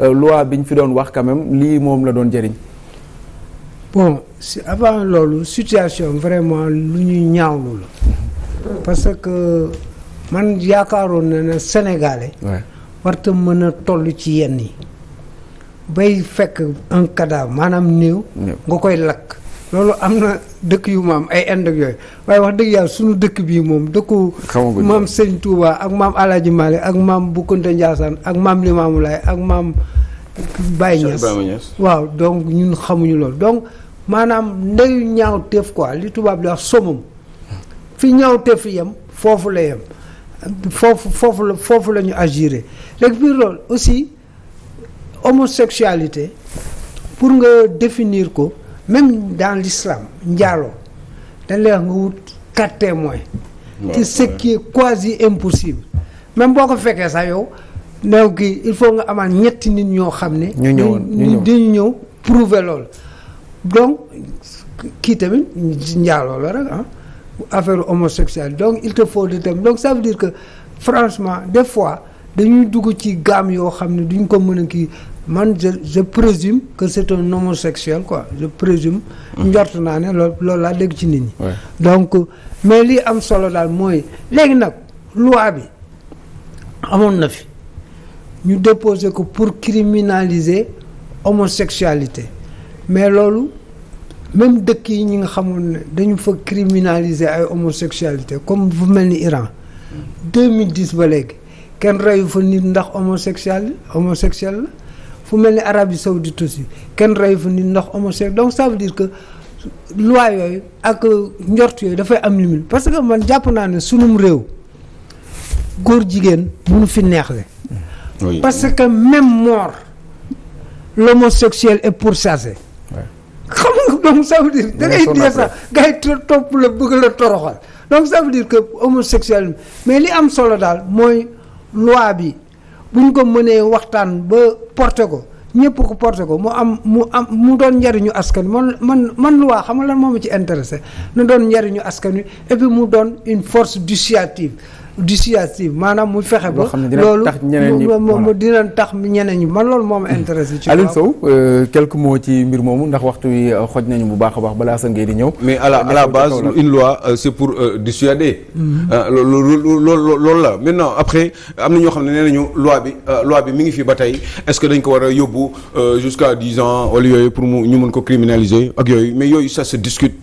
Euh, loi bi ñu fi doon wax quand lii moom la doon jëriñ. bon si avant loolu situation vraiment lu ñuy ñaawlu la. parce que man yaakaaroon na ne sénégalais. warta mën a toll ci yenn yi. bay fekk un cadavre maanaam néew. nga koy lakk. loolu am na dëkk yu maam ay ind ak yooyu waaye wax dëgg yàlla suñu dëkk bii moom dëkku maam Sëñ Touba ak maam Alaaji Maalik ak maam Bukunta Njaasaan ak maam Limaamu Laay ak maam Baye Niass waaw donc ñun xamuñu loolu donc maanaam ndeyu ñaaw teef quoi li tubaab di wax somam fi ñaaw teef yem foofu la yem foofu foofu la foofu la ñu agiré léegi biir loolu aussi homosexualité pour nga définir ko même dans l'islam njaaloo dañ nga wut quatre témoins ci ce qui est quasi impossible même boo ko fekkee sax yow new kii il faut nga amal ñetti nit ñoo xam ne ñu ñëwoon dañu ñëw prouver loolu donc kii tamit njaaloo la rek ah affaire homosexuelle donc il te faut de thème donc ça veut dire que franchement des fois dañuy dugg ci gaam yoo xam ne duñ ko mën a kii man je je présume que c'est un homosexuel quoi je présume. Hmm. njort naa ne loolu loolu laa dégg ci nit ñi. donc mais li am solo daal mooy léegi nag loi bi amoon na fi ñu déposé ko pour criminaliser homosexualité mais loolu. même dëkk yi ñi nga xamoon dañu fa criminaliser ay homosexualité comme fu mel ni Iran 2010 ba léegi kenn reyu fa nit ndax homosexuel homosexuel la fu mel ni Arabie Saoudite aussi kenn reyu fa nit ndax homosexuel donc ça veut dire que loi yooyu ak njort yooyu dafay am limite parce que man jàpp naa ne sunum réew góor jigéen munu fi neexle parce que même mort l'homosexuel est pourchassé xam nga donc ça veut dire da ngay dee homosexuel mais li am solo daal mooy loi bi buñ ko mënee waxtaan ba porté ko ñëpp ko porté ko mu am mu am mu doon njariñu askan man man man loi xam nga lan moo ci intéressé na doon njariñu askan wi et mu doon une force dissuasive dissuasive maanaam mu fexe ba. loolu mu dina tax ñeneen ñi man loolu moo ma intéressé. ci Alioune Sow euh, quelques mots ci mbir moomu ndax waxtu wi euh, xoj nañu bu baax a baax balaa sa ngeen di ñëw. mais à la euh, à la base une loi c'est pour dissuader. loolu mm-hmm. loolu loolu la maintenant après am na ñoo xam ne nee ñu loi bi loi bi mi ngi fi ba tey est-ce que dañ ko war a yóbbu jusqu'à dix ans wala yooyu pour mu ñu mën ko criminaliser ak yooyu mais yooyu ça se discute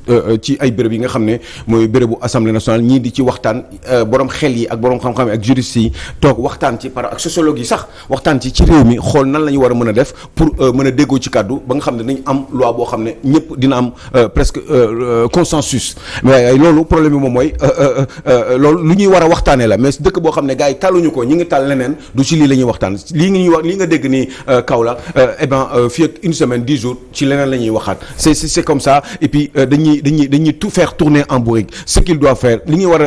ci ay bërëb yi nga xam ne mooy bérébu assemblée nationale ñii di ci waxtaan borom xel yi ak borom xam-xam yi ak juristes yi toog waxtaan ci par ak sociologue yi sax waxtaan ci ci réew mi xool nan la war a mën a def pour euh, mën a déggoo ci kàddu ba nga xam ne dañu am loi boo xam ne ñëpp dina am euh, presque euh, consensus mais loolu problème bi moom mooy loolu lu ñuy war a waxtaanee la mais dëkk boo xam ne gars yi taluñu ko ñi ngi tal leneen du ci lii la ñuy waxtaan lii ngi ñuy wax lii nga dégg nii Kaolack eh ben fii une semaine dix jours ci leneen la ñuy waxaat c'est c'est comme ça et puis dañuy dañuy dañuy tout faire tourner en bourrique li ñuy war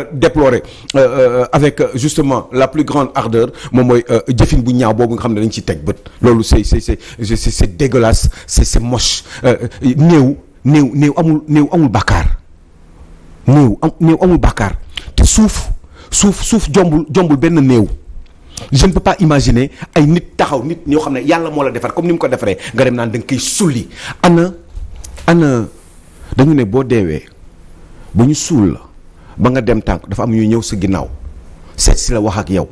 Euh, avec euh, justement la plus grande ardeur moom mooy euh, jëfin bu ñaaw boobu nga xam ne dañ ci teg bët loolu c'est c'est c'est c'est dégueulasse c'est c'est moche néew néew néew amul néew amul bàkkaar néew am néew amul bàkkaar te suuf suuf suuf jombul jombul benn néew je ne imaginé ay nit taxaw nit ñoo xam ne yàlla moo la defar comme ni mu ko defaree nga dem naan da nga koy sulli ana ana dañu ne boo deewee ba ñu suul la ba nga dem tànk dafa am ñuy ñëw sa ginnaaw seet si la wax ak yow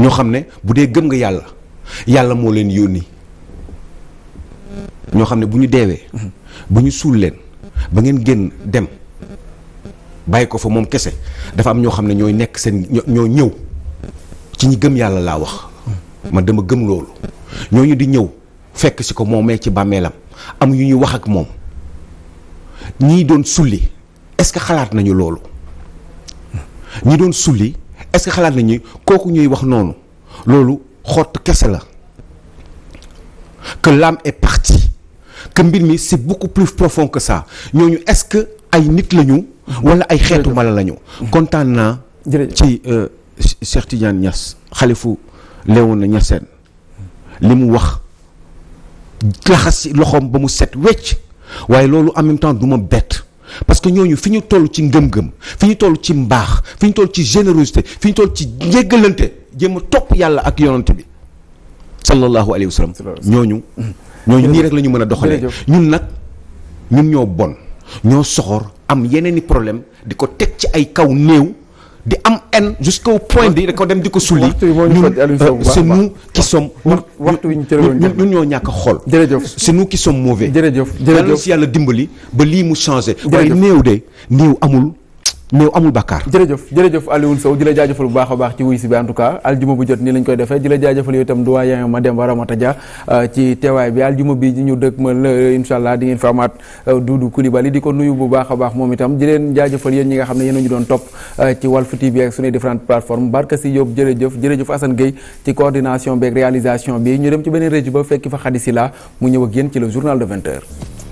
ñoo xam ne bu dee gëm nga yàlla yàlla moo leen yónni ñoo xam ne bu ñu deewee bu ñu suul leen ba ngeen génn dem bàyyi ko fa moom kese dafa am ñoo xam ne ñooy nekk seen ñoo ñëw ci ñi gëm yàlla laa wax man dama gëm loolu ñooñu di ñëw fekk si ko moomee ci bàmmeelam am yu ñuy wax ak moom ñii doon sulli est-ce que xalaat nañu loolu ñi doon sulli est-ce xalaat nañu kooku ñuy wax noonu loolu xott kese la que l'âme est partie que mbir mi c'est beaucoup plus profond que ça ñooñu est-ce que ay nit lañu. wala ay xeetu mala lañu. kontaan naa. ci euh, Cheikh Tidiane Niass xalifu Léona Niassène li mu wax laxas ci loxoom ba mu set wecc waaye loolu en même temps du bett. parce que ñooñu fi ñu tollu ci ngëm-ngëm fi ñu toll ci mbaax fi ñu toll ci générosité fi ñu toll ci njéggalante jéem a topp yàlla ak yonante bi sallallahu alayhi wa sallam ñooñu ñooñu nii rek la ñu mën a doxalee ñun nag ñun ñoo bon ñoo soxor am yeneen i problème di ko teg ci ay kaw néew di am haine jusqu'au point de ko dem di ko sulli ñun euh, c'est nous qui sommes waxtu wi ñu cëréwoon ñun ñoo ñàkk xool jërëjëf c'est nous qui sommes mauvais jërëjëf jërëjëf yàlla dimbali ba lii mu changé waaye néew de néew amul néew amul bàkkaar jërëjëf jërëjëf Alioune Sow di la jaajëfal bu baax a baax ci wuy si bi en tout cas aljuma bu jot nii lañ koy defee di la jaajëfal yow itam doyen Mademba Ramata Dia euh, ci teewaay bi aljuma bi ñu dëkk ma euh, incha allah di ngeen fa amaat euh, Doudou Coulibaly di ko nuyu bu baax a baax moom itam di leen jaajëfal yéen ñi nga xam ne yéen ñu doon topp ci Walf TV ak suñuy différentes plateformes Barka si Diop jërëjëf jërëjëf Assane Gueye ci coordination beeg réalisation bi ñu dem ci beneen région ba fekki fa Khady Sylla mu ñëw ak yéen ci le journal de